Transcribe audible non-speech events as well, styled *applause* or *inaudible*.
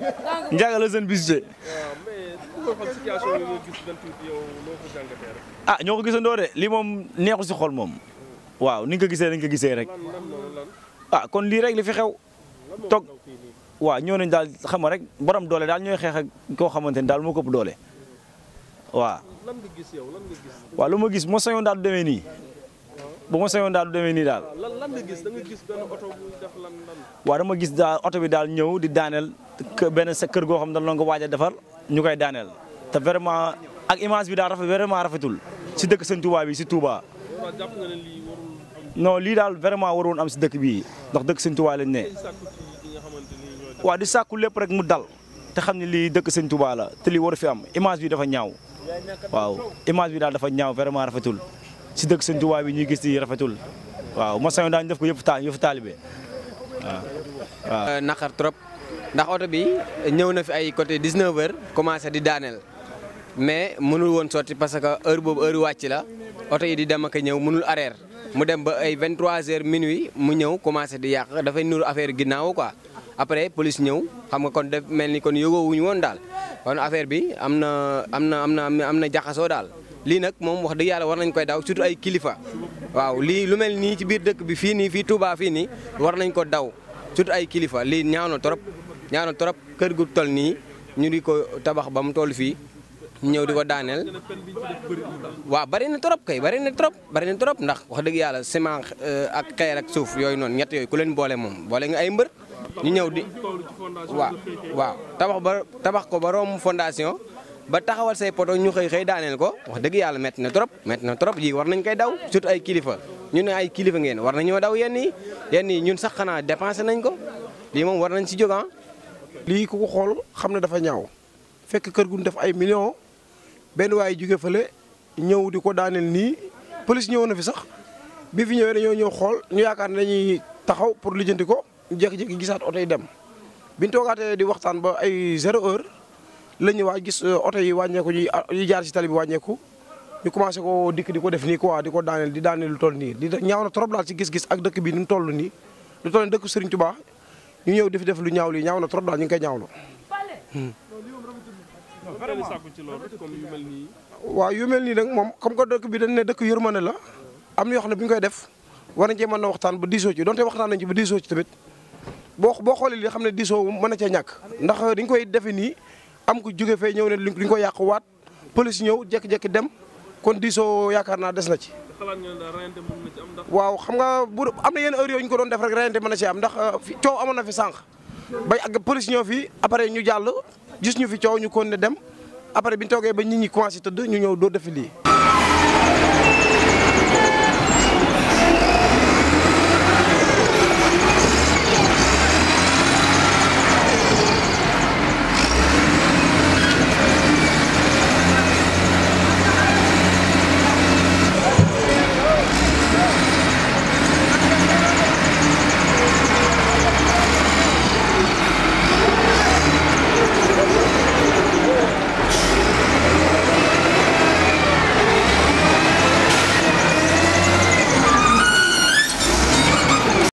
*laughs* Ndiaga la seen visité. ah ko gisandoo de lii moom neexu si xol moom. waaw ni nga ko gisee nañ ko gisee rek. ah kon lii rek li fi xew. toog waaw ñoo nañ daal xama rek borom doole daal ñooy xeex ak koo xamante ni daal moo ko ëpp doole. waaw lan nga gis lu ma gis moo sañoon daal du demee nii. bu ma sañoon daal du demee nii daal. waaw dama gis daal oto bi daal ñëw di daaneel. benn sa kër goo xam dañ doon ko waaj a defar ñu koy daaneel te vraiment ak image bi daal rafet vraiment rafetul si dëkk sëñ bi si Touba. non lii daal vraiment waroon am si dëkk bii ndax dëkk sëñ Touba ne. waaw di sàkku lépp rek mu dal te xam ne lii dëkk sëñ Touba la te lii war fi am image bi dafa ñaaw waaw image bi daal dafa ñaaw vraiment rafetul si dëkk sëñ Touba bi ñuy gis rafetul waaw ma sañoon daañu def ko yëpp taal yëpp taalibe ndax oto bi ñëw na fi ay côté 19h commencé di daaneel mais mënul woon sotti parce que heure boobu heure wàcc la oto yi di dem ak ñëw munul arrière mu dem ba ay 23h minuit mu ñëw commencé di yàq dafay nur affaire ginnaaw quoi après police ñëw xam nga kon def mel ni kon yëgoowuñu woon daal kon affaire bi am na am na am na am na jaxasoo daal lii nag moom wax dëgg yàlla war nañ koy daw surtout ay kilifa waaw lii lu mel nii ci biir dëkk bi fii nii fii Touba fii nii war nañ ko daw surtout ay lii ñaaw trop. ñaanoon trop kër gu tol nii ñu di ko tabax ba mu toll fii ñëw di ko daaneel waaw bari na trop kay bari na trop bari na trop ndax wax dëgg yàlla ciment euh, ak xeer ak suuf yooyu noonu ñett yooyu ku leen boole moom boole nga ay mbër ñu ñëw di waaw waaw tabax ba tabax ko ba romb fondation ba taxawal say poto ñu xëy xëy daaneel ko wax dëgg yàlla métti na trop métti na trop yi war nañ koy daw surtout ay kilifa ñu ne ay kilifa ngeen war nañu daw yen yi yenn yi ñun sax xanaa dépensé nañ ko lii moom war nañ si jóg ah. lii ku ko xool xam ne dafa ñaaw fekk kër gu ñu def ay millions benn waaye jóge fële ñëw di ko daaneel nii police ñëw na fi sax bi fi ñëwee dañoo ñëw xool ñu yaakaar ne dañuy taxaw pour lijjanti ko jékki-jékki gisaat oto yi dem biñ toogaatee di waxtaan ba ay zéro heure la ñu gis euh, oto yi wàññeeku ah, jaar ci tali bi wàññeeku ñu commencé ko dikk di ko def nii quoi di ko daaneel di daaneel lu toll nii di ñaaw na trop gis-gis ak dëkk bi ni mu toll nii lu toll ñu ñëw def def lu ñaaw lii ñaaw na trop daal ñu ngi koy ñaawlu. waaw yu mel nii nag moom comme que dëkk bi dañ ne dëkk yërmande la am na yoo xam ne bu ñu koy def war nañ cee mën na waxtaan ba diisoo ci donte waxtaan nañ ci ba diisoo ci tamit boo boo xoolee li xam ne diisoo mën na cee ñàkk ndax dañ koy defe nii am ku jóge fee ñëw ne ñu ko yàq waat police ñëw jékki-jékki dem kon diisoo yaakaar naa des na ci xalaat nga ne rayante mën waaw xam nga bu am na yenn heure yooyu ñu ko doon def rek rayante mën a ci am ndax euh, coow amoon na fi sànq bay ak police ñoo fi après ñu jàll gis ñu fi coow ñu kon ne dem après bi ñu toogee ba nit ñi commencé tëdd ñu ñëw doo def lii.